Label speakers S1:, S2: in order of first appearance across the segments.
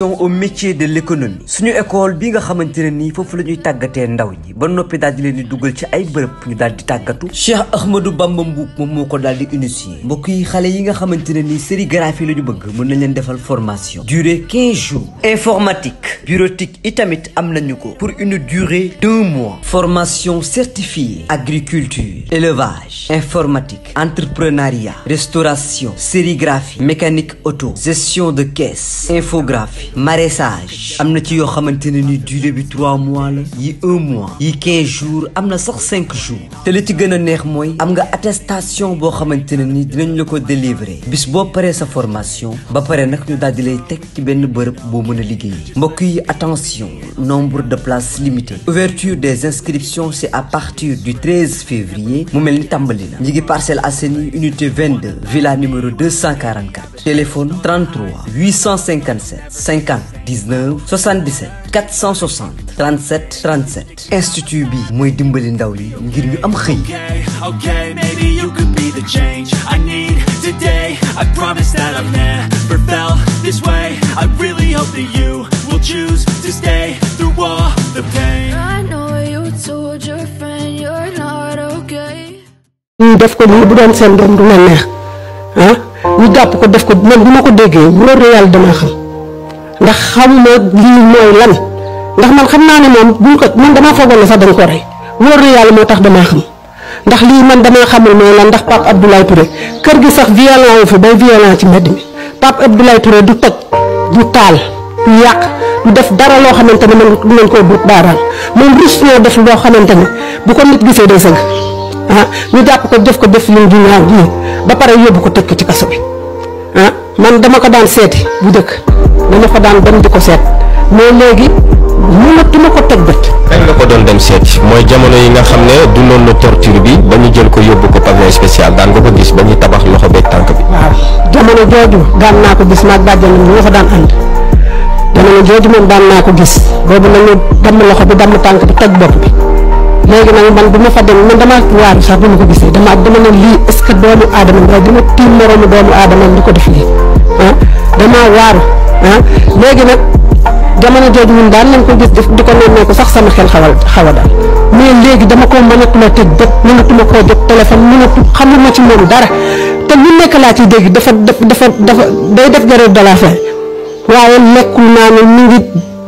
S1: au métier de l'économie suñu école bi nga xamante ni fofu lañuy tagaté ndaw ñi ba nopi daal di leen di dugal ci ay bërëb ñu daal di tàggatu Cheikh Ahmadou Bamba Mboup moom moko ko di initier mbokk yi yi nga xamante ni sérigraphie lañu bëgg mën nañ leen défal formation durée 15 jours informatique bureautique itamit am nañu ko pour une durée 2 mois formation certifiée agriculture élevage informatique entrepreneuriat restauration sérigraphie mécanique auto gestion de caisse infographie Maraisage Il na ci yoo xamante ni durée bi 3 mois la yi 1 mois yi 15 jours am na sax 5 jours te li ci gën a neex mooy am nga attestation boo xamante ni dinañ la délivrer bis boo paree sa formation ba pare nag ñu daal di lay teg ci benn bërëb boo mbokk yi attention nombre de places limité ouverture des inscriptions c'est à partir du 13 février mu mel ni tàmbali na ñi ngi Parcelles unité 22 villa numéro 244 téléphone 33 857 50 19 77 460 37 37 institut bi dimbali ndaw ngir ñu am xëy. Okay, maybe you could be the change I need today. I promise that I've never felt this way. I really hope
S2: that you will choose to stay through all the pain. I know you told your friend you're not okay. ñu def ko nii bu doon seen doom du la neex ah? ñu jàpp ko def ko man bu ma ko déggee mu loolu yàlla dama xam. ndax xamuma lii mooy lan ndax man xam naa ne moom buñ ko man damaa foogoon ne sax dañ ko rey wóor na yàlla moo tax damaa xam ndax lii man damay xamul mooy lan ndax Pape Abdoulaye Touré kër gi sax violent wu fi bay violent ci mbedd mi Pape Abdoulaye Touré du toj du taal du yàq du def dara loo xamante ne man ngeen koo buut baaraam moom rus ñoo def loo xamante ni bu ko nit gisee day sëgg ah ñu jàpp ko def ko def yu ñu ñaaw ba pare yóbbu ko tëj ko ci kaso man dama ko daan seeti bu dëkk dama ko daan dem di ko seet mais léegi mënatuma ko teg bët. kañ la ko doon dem seeti mooy jamono yi nga xam ne du dundoon na torture bi ba ñu jël ko yóbbu ko pavillon spécial daan nga ko gis ba ñu tabax loxo beeg tànk bi. waaw jamono jooju daan naa ko gis maag bàjjanam ñu nga fa daan ànd jamono jooju moom daan naa ko gis boobu nañu damm loxo bi damm tànk bi toj bopp bi. léegi nag man bu ma fa dem man damaa waaru sax bu ma ko gisee dama dama ne lii est ce que doomu aadama nga dina tiim moroomu doomu aadama di ko def lii ah damaa waaru ah léegi nag jamono jooju ñun daan nañ ko gis di ko nemmee ko sax sama xel xawal xaw daal mais léegi dama ko mënatuma tëj jot mënatuma koo jot téléphone mënatu xamuma ci moom dara te lu nekk laa ciy dégg dafa dafa dafa day def grève de la waaye lekkul naa ne mu ngi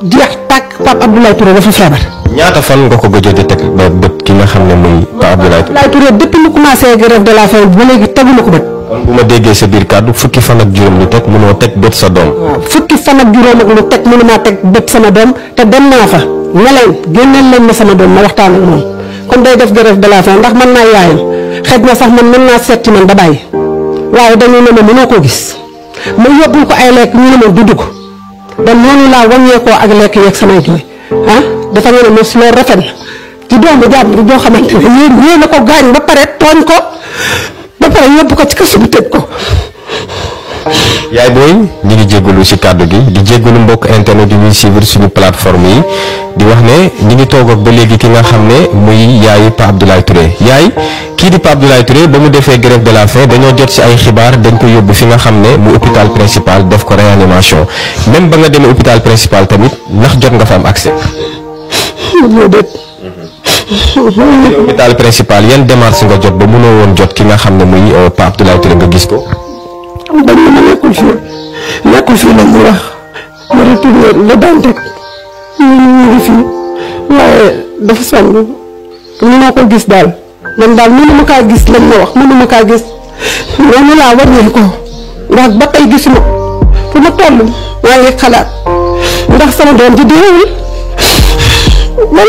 S2: jeex tàkk Pape Abdoulaye Touré dafa feebar. ñaata fan nga ko gëj a di teg ba bët ki nga xam ne muy Pa Abdoulaye Touré. Abdoulaye Touré depuis mu commencé grève de la faim léegi tegu ma ko bët. bu ma déggee sa biir kàddu fukki fan ak juróom lu teg mënoo teg bët sa doom. fukki fan ak juróom ak lu teg mënumaa teg bët sama doom te dem naa fa ne leen génneel leen ma sama doom ma waxtaan ak moom comme day def grève de la faim ndax mën naa yaayam xëj na sax man mën naa seet ci man ba bàyyi waaye dañu ne ma mënoo koo gis ma yóbbul ko ay lekk ñu ne ma dudd ko. dañ noonu laa wàññeekoo ak lekk yeeg ah dafa mel ne loolu rafet na ci doomu jàmbur boo xamante ne yéen yéen a ko gaañ ba pare tooñ ko ba pare yóbbu ko ci kaso bi tëj ko. yaay booy ñu ngi jéggalu ci kàddu gi di jéggalu mbokk internet yi ñuy suivre suñu plateforme yi di wax ne ñu ngi toog ak ba léegi ki nga xam ne muy yaayu Pape Abdoulaye Touré yaay kii di Pape Abdoulaye Touré ba mu defee grève de la faim dañoo jot ci ay xibaar dañ ko yóbbu fi nga xam ne mu hôpital principal def ko réanimation même ba nga demee hôpital principal tamit ndax jot nga fa am accès. hôpital principal yan démarche nga jot ba mënoo woon jot ki nga xam ne muy euh, Pape Abdoulaye Touré nga gis ko. mu bañ na ma fii nekkul fii nag wax ma retourné la daan teg ñu ngi fii waaye daal daal mënu ma kaa gis lañ wax wax mënu ma kaa gis loolu laa wàññee ko ndax ba tey gisuma fu ma toll maa ngi xalaat ndax sama doom ji deewul man.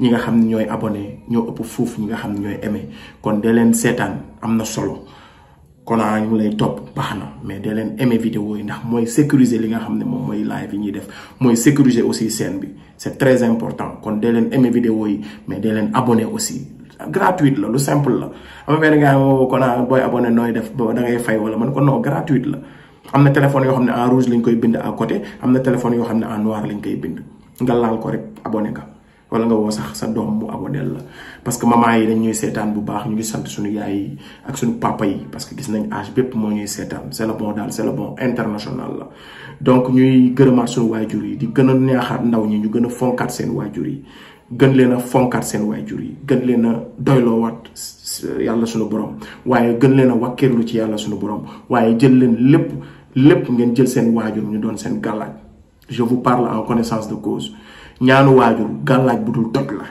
S3: ñi nga xam ne ñooy abonné ñoo ëpp foofu ñi nga xam ne ñooy aimé kon dee leen seetaan am na solo kon ñu ngi lay topp baax na mais dee leen aimé vidéo yi ndax mooy sécuriser li nga xam ne moom mooy live yi ñuy def mooy sécuriser aussi scène bi c'est très important kon dee leen aimé yi mais dee leen abonné aussi gratuite la lu simple la am na benn gars moo kon booy nooy def ba da ngay fay wala man kon non gratuite la am na téléphone yoo xam ne en rouge lañ koy bind à côté am na téléphone yoo xam ne en noir lañ koy bind nga laal ko rek abonné nga wala nga sax sa dom la parce que maman yi dañuy sétane bu baax ñu ngi sant suñu yaay ak suñu papa yi parce que gis nañ âge bép mo ñuy c'est le bon dal c'est le bon international la donc ñuy gërëmaat suñu waajur yi di gëna a ndaw ñi ñu gëna a seen waajur yi gën leen a seen waajur yi gën leen a doyloowaat yalla suñu borom waye gën leen a ci yalla suñu borom waye jël leen lepp ngeen jël seen ñu doon seen je vous parle en connaissance de cause ñaanu waajur gàllaaj bu dul toj la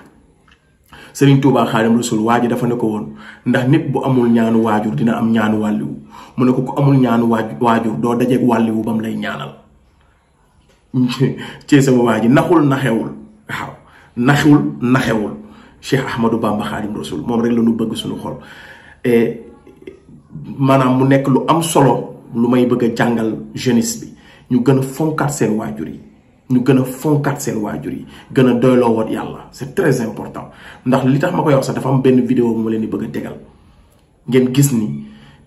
S3: sëriñ Touba Xaadimu Rasuul waa ji dafa ne ko woon ndax nit bu amul ñaanu waajur dina am ñaanu wàlliwu mu ne ko ku amul ñaanu waajur doo dajeeg wàlliwu ba mu lay ñaanal ci sama waa ji naxul naxewul waaw naxul naxewul Cheikh Ahmadou Bamba Xaadimu moom rek la ñu bëgg suñu xol e, maanaam mu nekk lu am solo lu may bëgg a jàngal jeunesse bi ñu gën a fonkaat seen waajur yi ñu gëna a fonkaat seen waajur gëna doylo wat yalla c'est très important ndax li tax mako koy wax sax dafa am ben vidéo mu leen di bëgg tégal tegal ngeen gis ni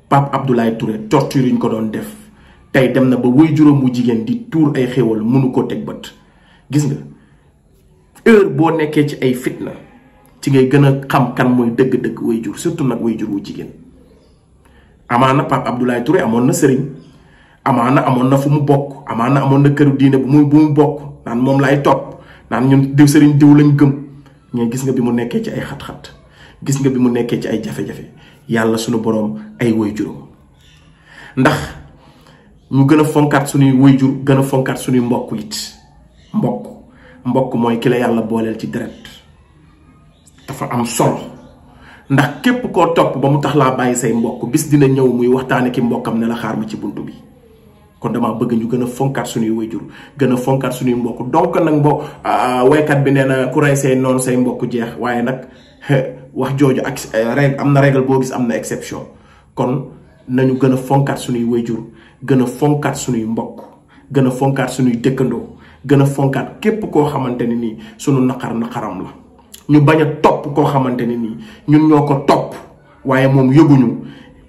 S3: Pape Abdoulaye Touré torture ñu ko doon def tay dem na ba way juróom bu jigéen di tour ay xéwal mënu ko tek bëtt gis nga heure bo nekké ci ay fitna ci ngay gëna xam kan moy dëgg-dëgg way jur surtout nak way jur wu jigen amana Pape Abdoulaye Touré amoon na sëriñ amaana amon na fu mu bokk amaana amon na keur diine bu muy bu mu bok nan mom lay top nan ñun diw sëriñ diw lañu gëm ñe gis nga bi mu nekké ci ay xat-xat gis nga bi mu nekké ci ay jafe jafé yalla suñu borom ay woy ndax ñu gëna fonkat suñu suñuy gëna fonkat suñu mbokk it mbokk mbokk moy ki la yàlla booleel ci deret dafa am solo ndax kep ko top ba mu tax la baye say mbokk bis dina ñew muy waxtane ki mbokam ne la xaar ma ci buntu bi kon dama bëgg ñu gëna fonkat suñu wëjur gëna fonkat suñu mbokk donc nag bo kat bi neena na ku ray sey non sey mbokk jeex waye nak wax jooju ak e, règle amna règle bo gis amna exception kon nañu gëna fonkat suñu wëjur gëna fonkat suñu mbokk gëna fonkat suñu dekkando gëna fonkat képp ko xamanteni ni nii suñu naqar naqaram la ñu baña top ko xamanteni ni ñun ñoko top waye mom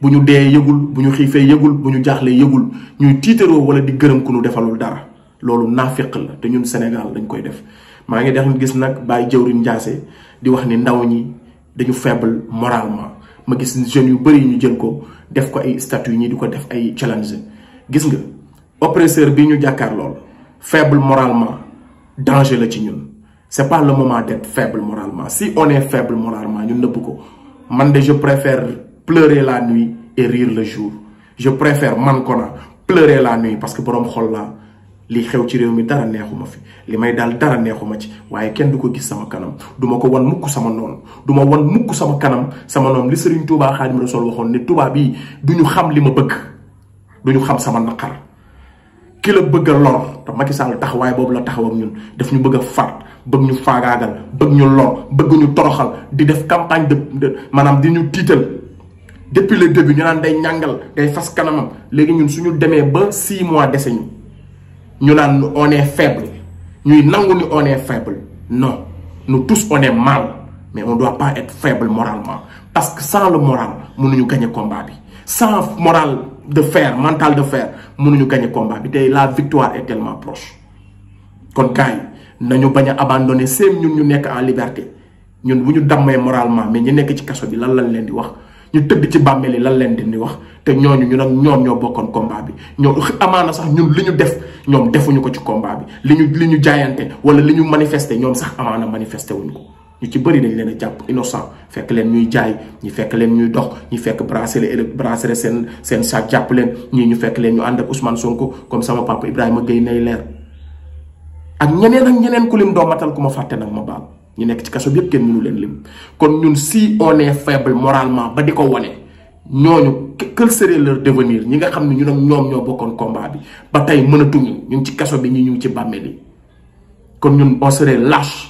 S3: bu ñu dee yëgul bu ñu xiifee yëgul bu ñu jaaxlee yëgul ñuy tiitaroo wala di gërëm ku ñu defalul dara loolu naafiq la te ñun Sénégal dañ koy def maa ngi def gis nag baay Jawrin Ndiassé di wax ni ndaw ñi dañu faible moralement ma gis jeune yu bëri ñu jël ko def ko ay statut ñi di ko def ay challenge gis nga oppresseur bi ñu jàkkaar lool faible moralement danger la ci ñun c'est pas le moment d'être faible moralement si on est faible moralement ñun nëbb ko man de je préfère pleurer la nuit et rire le jour je préfère man Kona pleurer la nuit parce que borom xol la li xew ci rew mi dara neexuma fi li may daal dara neexuma ci waye kenn du ko gis sama kanam du ma ko wan mukk sama non du ma wan mukk sama kanam sama noonu li Serigne Touba khadim rasoul waxoon ne Touba bi duñu xam li ma bëgg duñu xam sama naqar ki la bëgg lor ta Macky Sall taxawaay bobu la taxaw ak ñun def ñu bëgg a bëgg ñu faagaagal bëgg ñu lor bëgg ñu toroxal di def campagne de manam di ñu titel depuis le début ñu naan day ñàngal day fas kanamam ñun suñu demee ba six mois de ñu Nous on est faible Nous nangu on est faible non nous tous on est mal mais on doit pas être faible moralement parce que sans le moral mënuñu gagner combat bi sans moral de fer mental de fer mënuñu gagner combat Et la victoire est tellement proche kon gars nous nañu bañ a abandonné nous ñun ñu en liberté Nous ne pouvons pas moralement mais ñu nekk ci kaso bi lan lañ leen di wax ñu tëdd ci bàmmeel yi lan leen di ni wax te ñooñu ñu nag ñoom ñoo bokkoon combat bi ñoo amaana sax ñun li ñu def ñoom defuñu ko ci combat bi li ñu li ñu jaayante wala li ñu manifester ñoom sax amaana manifester wuñ ko ñu ci bëri dañ leen a jàpp innocent fekk leen ñuy jaay ñi fekk leen ñuy dox ñi fekk bracelet bracelet seen seen sac jàpp leen ñii ñu fekk leen ñu ànd ak Ousmane Sonko comme sama papa Ibrahima Gueye nay leer ak ñeneen ak ñeneen ku lim doo matal ku ma fàtte nag ma Nous ci bi si on est faible moralement ba diko woné quel serait leur devenir ñi nga ñun ñoo combat bi on serait lâche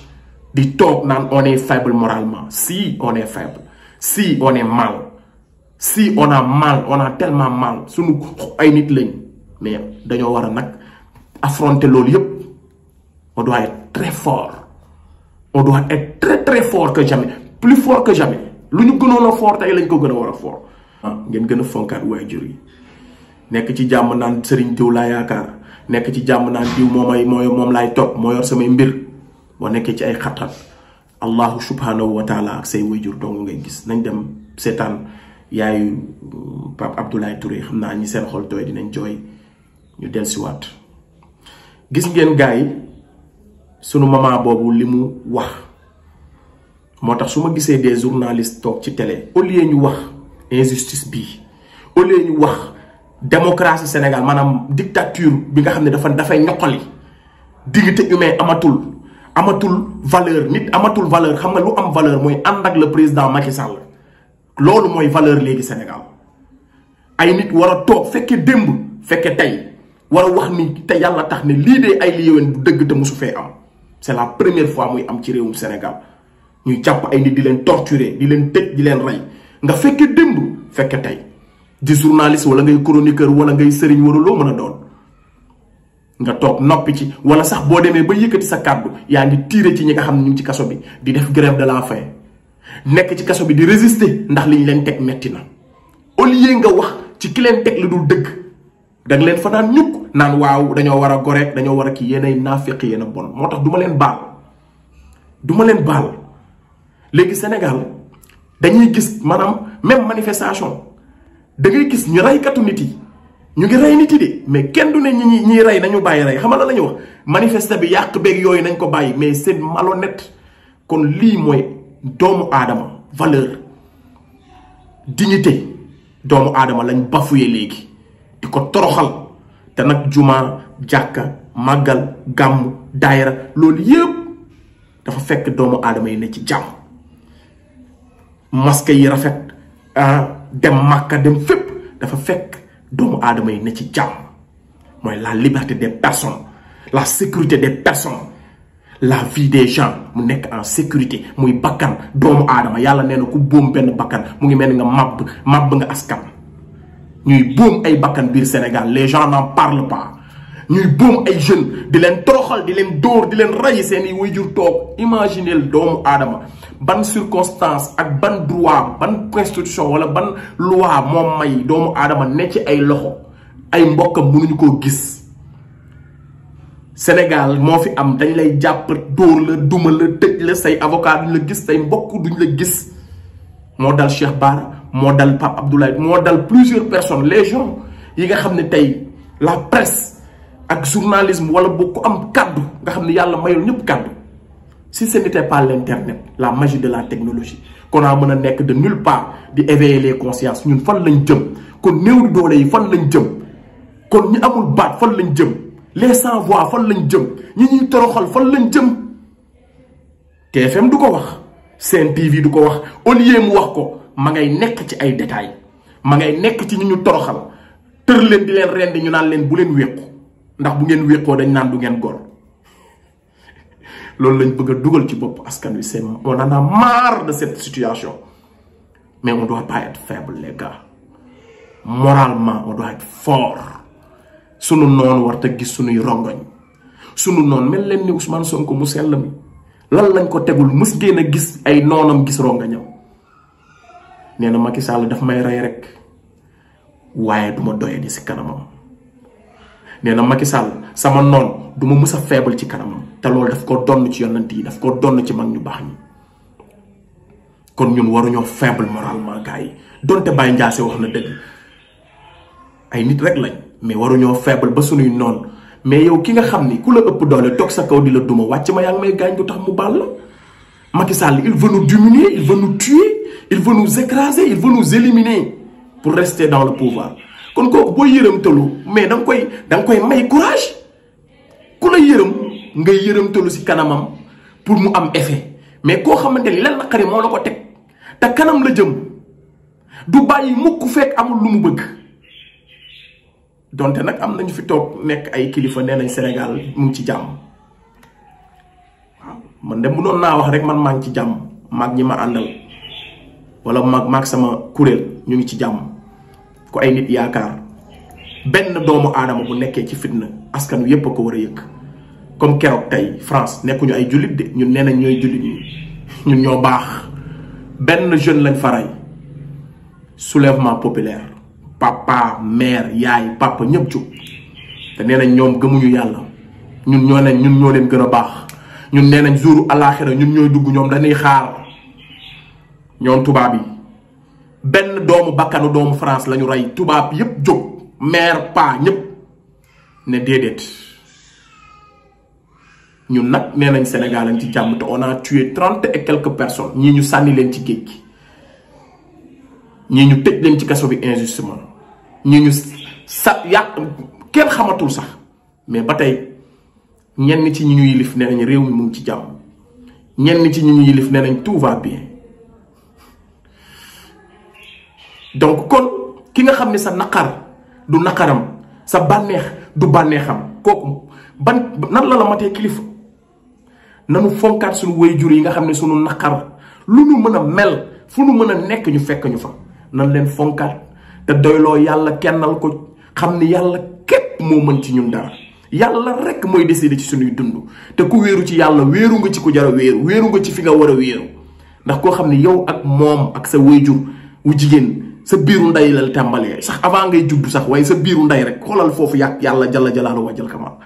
S3: di on est faible moralement si on est faible si on est mal si on a mal on a tellement mal suñu ay nit lañ mais dañoo affronter lool yëpp on doit être très fort. on doit être très très fort que jamais plus fort que jamais lu ñu gënoon a fort tey lañ ko gën a war a fort ah ngeen gën a fonkaat waajur yi nekk ci jàmm naan sëriñ diw laa yaakaar nekk ci jàmm naan diw moo moom laay topp moo yor samay mbir boo nekkee ci ay xat-xat allahu subhanahu wa taala ak say waajur dong ngay gis nañ dem seetaan yaayu mm, Pape Abdoulaye Touré xam naa ñi seen xol tooy dinañ jooy ñu dellusiwaat gis ngeen gars sunu maman boobu li mu wax moo tax su ma gisee des journalistes toog ci télé au lieu wax injustice bii au lieu ñu wax démocratie Sénégal maanaam dictature bi nga xam ne dafa dafay ñoqali dignité humaine amatul amatul valeur nit amatul valeur xam nga lu am valeur mooy ànd ak le président Macky Sall loolu mooy valeur léegi Sénégal ay nit war a toog fekke démb fekkee tey war a wax ni te yàlla tax ne lii dee ay li yéwén bu dëgg te mosu fee am c'est la première fois que am ci au Sénégal ñu jàpp ay nit di leen torturer di leen que di leen rey nga fekke Des fekke tey di journaliste wala ngay chroniqueur wala ngay sëriñ wala loo fait a doon nga toog des ci wala sax boo demee ba yëkkati sa kàddu yaa ngi des ci ñi nga de ci des bi di def grève de la faim nekk ci kaso bi di résister ndax liñ leen metti na au lieu nga wax ci ki leen lu dul da leen fanaan naan ñukk naan waaw dañoo war a gore dañoo war a kii yéenay naafeq yéen a bon moo tax du ma leen baal duma leen baal léegi Sénégal dañuy gis maanaam même manifestation da gis ñu reykatu nit yi ñu ngi rey nit yi de mais kenn du ne ñi ñuy rey nañu bàyyi rey xam nga la ñu wax manifeste bi yàq beeg yooyu nañ ko bàyyi mais malo net kon lii mooy doomu aadama valeur dignité doomu aadama lañ bafoué léegi. di ko toroxal te nak juma jàkka magal gàmm daayira loolu que dafa fekk doomu aadama yi ne ci jam masque yi rafet dem makka dem fépp dafa fekk doomu aadama yi ne ci jam. moy la liberté des personnes la sécurité des personnes la vie des gens mu être en sécurité muy bakkan doomu adama yalla nee ku boom ben bakkan mu ngi mel nga màbb nga askan ñuy boom ay bakkan biir Sénégal les gens n'en parlent pas ñuy boom ay jeunes di leen toroxal di leen dóor di leen ray seen i wayjur toog imaginel doomu aadama ban circonstance ak ban droit ban constitution wala ban loi moom may doomu aadama ne ci ay loxo ay mbokkam mënuñu koo gis Sénégal moo fi am dañ lay jàpp dóor la duma la tëj la say avocat duñ la gis say mbokk duñ la gis moo dal Cheikh Bara modèle dal Pape Abdoulaye modèle dal plusieurs personnes les gens yi nga xamné tay la presse ak journalisme wala beaucoup ko am kaddu nga xamné Yalla yàlla mayul ñëpp si ce n'était pas l'internet la magie de la technologie kon a mën nek de nulle part di éveiller les consciences ñun fan lañ jëm kon néew doole yi fan lañ jëm kon ñu amul baat fan lañ jëm les sans voix fan lañ jëm ñi ñi toroxal fan lañ jëm TFM du ko wax Sen TV du ko wax au lieu mu wax ko ma ngay nekk ci ay détails ma ngay nekk ci ñu ñu toroxal tër leen di leen rendi ñu naan leen bu leen wéqu ndax bu ngeen wéqoo dañ naan du ngeen gor loolu lañ bëgg a dugal ci bopp askan wi seen on en a marre de cette situation mais on doit pas faible les gars moralement on doit être fort sunu noonu war te gis sunuy rongoñ sunu noon mel leen ni Ousmane Sonko mu sell mi lan lañ ko tegul mës ngeen a gis ay noonam gis rongoñam nee na Macky Sall daf may rey rek waaye du ma doyadi si kanamam nee na Macky Sall sama noon du ma mës a faible ci kanamam te loolu daf ko donn ci yonent yi daf koo donn ci mag ñu baax ñi kon ñun waruñoo faible moralement gars yi donte Baye Ndiassé wax na dëgg ay nit rek lañ mais waruñoo faible ba suñuy noon mais yow ki nga xam ni ku la ëpp doole toog sa kaw di la duma wàcc ma yaa ngi may gaañ bu tax mu baal la Macky il veut nous il veut nous il veut nous écraser il veut nous éliminer pour rester dans le pouvoir kon kooku boo yërëmtalu mais da nga koy da nga koy may courage ku la yërëm nga yërëmtalu si kanamam pour mu am effet mais koo xamante ni lan na xari moo la ko teg kanam la jëm du bàyyi mukk fekk amul lu mu bëgg donte nag am nañu fi toog nekk ay kilifa nee nañ Sénégal mu ngi ci jàmm waaw man de mënoon naa wax rek man maa ci jàmm mag ñi ma àndal. wala mag mag sama kuréel ñu ngi ci jàmm ku ay nit yaakaar benn doomu aadama bu nekkee ci fitna askan wi yëpp a ko war a yëg comme keroog tey France nekkuñu ay jullit de ñun nee nañ ñooy jullit ñi ñun ñoo baax benn jeune lañ faray soulèvement populaire papa maire yaay papa ñëpp jug te nee nañ ñoom gëmuñu yàlla ñun ñoo ne ñun ñoo leen gën a baax ñun nee nañ jouru àllaaxira ñun ñooy dugg ñoom dañuy xaar. ñoon tubaab yi benn doomu bakkanu doomu France lañu rey tubaab yep jóg maire pa ne déedéet ñun nag nee nañ Sénégal on a tué 30 et quelques personnes ñii ñu sànni leen ci géej gi ñu tëj leen ci kaso bi injustement ñii ñu sa yàq kenn sax mais ba tey ñenn ci ñu nee réew mu ngi ci tout va bien donc kon ki nga xam ni sa naqar du naqaram sa bànneex du bànneexam kooku ban nan la la matee kilifa nanu fonkaat suñu jur yi nga xam ne suñu naqar lu nu mën a mel fu nu mën a nekk ñu fekk ñu fa nan leen fonkaat te doyloo yàlla kennal ko xam ni yàlla képp moo mën ci ñun dara yàlla rek mooy décider ci suñuy dund te ku wéeru ci yàlla wéeru nga ci ku jara wéeru weeru nga ci fi nga war a wéeru ndax koo xam ne yow ak moom ak sa waajur wu jigéen sa biru nday la tambalé sax avant ngay judd sax way sa biru nday rek xolal fofu yak yalla jalla jalaalu kamal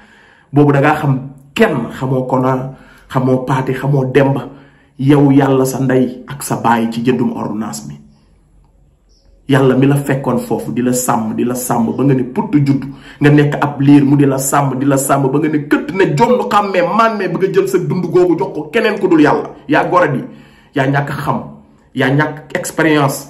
S3: da nga xam kenn xamoo kona xamo pati xamo demba yow yalla sa nday ak sa bàyyi ci jëndum ordonnance mi yalla mi la fekkon fofu dila sam dila sam ba nga ne putt judd nga nek ab lire mu dila sam dila sam ba nga ne kett ne jonn xamé màmmee bi jël sa dund gogu jox ko kenen ku dul yalla ya goradi di ñak xam ya ñak experience.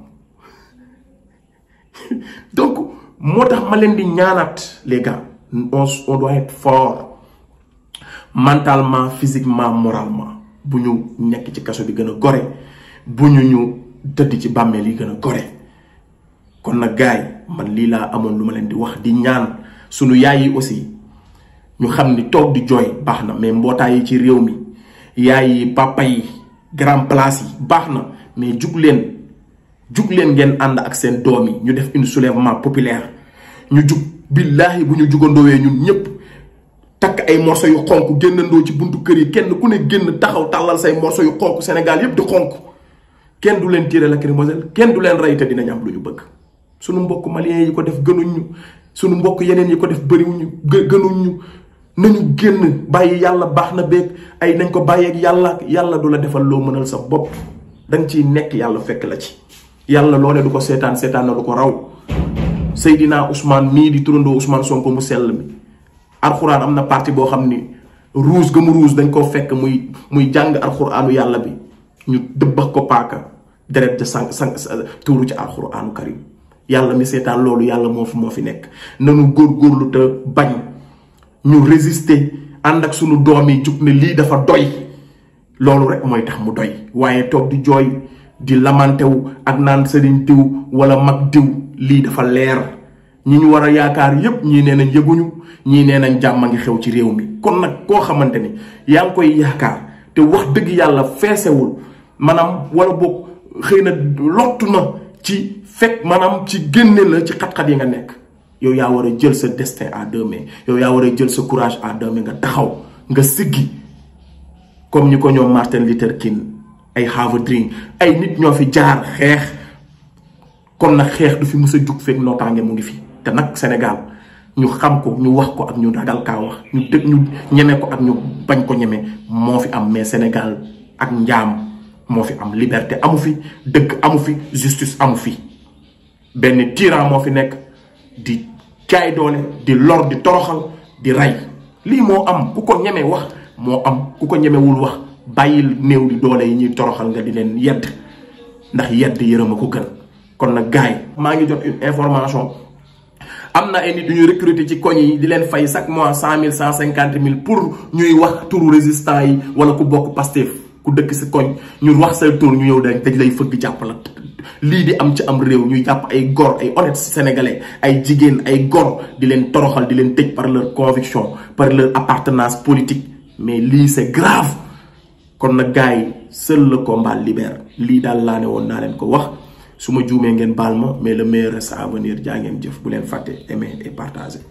S3: donc moo tax ma leen di ñaanaat les gars on on doit être mentalement physiquement moralement bu ñu nekk ci kaso bi gën a gore bu ñu ñu tëdd ci bàmmeel yi gën a gore kon nag gars man lii laa amoon lu ma leen di wax di ñaan sunu yaay yi aussi ñu xam ni toog di jooy baax na mais mbootaay yi ci réew mi yaay yi papa yi grand place yi baax na mais jug leen. jug leen ngeen ànd ak seen doom yi ñu def une soulèvement populaire ñu jug billaahi bu ñu jugandoowee ñun ñëpp takk ay morso yu xonq génnandoo ci buntu kër yi kenn ku ne génn taxaw tàllal say morso yu xonk Sénégal yëpp di xonk kenn du leen tirer lacrymogène kenn du leen rey te dinañ am lu ñu bëgg suñu mbokk maliens yi ko def gënuñ ñu sunu mbokk yeneen yi ko def bëriwuñu gënuñ ñu nañu génn bàyyi yàlla baax na beeg ay nañ ko bàyyeek yàlla yàlla du la defal loo mënal sa bopp danga ciy nekk yàlla fekk la ci yalla lolé duko sétane setan setan na du raw sayidina ousmane mi di turundo ousmane sonko mu sel mi alquran amna parti bo xamni rouge gamu rouge dañ ko fekk muy muy jang alquranu yalla bi ñu debbax ko paka deret de sang sang touru ci alquranu karim yalla mi setan lolou yalla mo fi mo fi nek nanu gor lu te bañ ñu résister and ak sunu doomi jup ne li dafa doy lolou rek moy tax mu doy waye tok di joy di lamantewu ak naan sëriñ diw wala mag diw lii dafa leer ñi ñu war a yaakaar yépp ñii nee nañ yëguñu ñii nee nañ jàmm a ngi xew ci réew mi kon nag koo xamante ni yaa ngi koy yaakaar te wax dëgg yàlla feesewul maanaam wala boog xëy na lottu na ci fekk maanaam ci génne la ci xat-xat yi nga nekk yow yaa war a jël sa destin à deux mains yow yaa war a jël sa courage à deux mains nga taxaw nga siggi comme ñu ko ñoom Martin Luther King ay Harvard ay nit ñoo fi jaar xeex kon nag xeex du fi mës a jug fekk nootaange mu ngi fi te nag Sénégal ñu xam ko ñu wax ko ak ñu ragal kaa wax ñu dëgg ñu ñeme ko ak ñu bañ ko ñeme moo fi am mais Sénégal ak njaam moo fi am liberté amu fi dëgg amu fi justice amu fi benn tyran moo fi nekk di jaay doole di lor di toroxal di rey lii moo am ku ko ñeme wax moo am ku ko ñemewul wax des choses. di doole yi ñuy toroxal nga di leen yedd ndax yedd yërëm a ko gën kon nag ngi jot une information am na ay recruter ci koñ yi di fay chaque mois pour ñuy wax turu résistant yi wala ku bokk Pastef ku dëkk si koñ ñu wax sa des ñu ñëw dañ lay fëgg la lii di am ci am réew ñuy jàpp ay gor ay honnête sénégalais ay jigéen ay gor di toroxal par leur conviction par leur appartenance politique mais lii c'est grave kon nag gars yi seul le combat libère lii daal laa ne woon naa leen ko wax
S1: su ma juumee ngeen baal ma mais le meilleur reste à venir jaa ngeen jëf bu leen fàtte aimer et partager.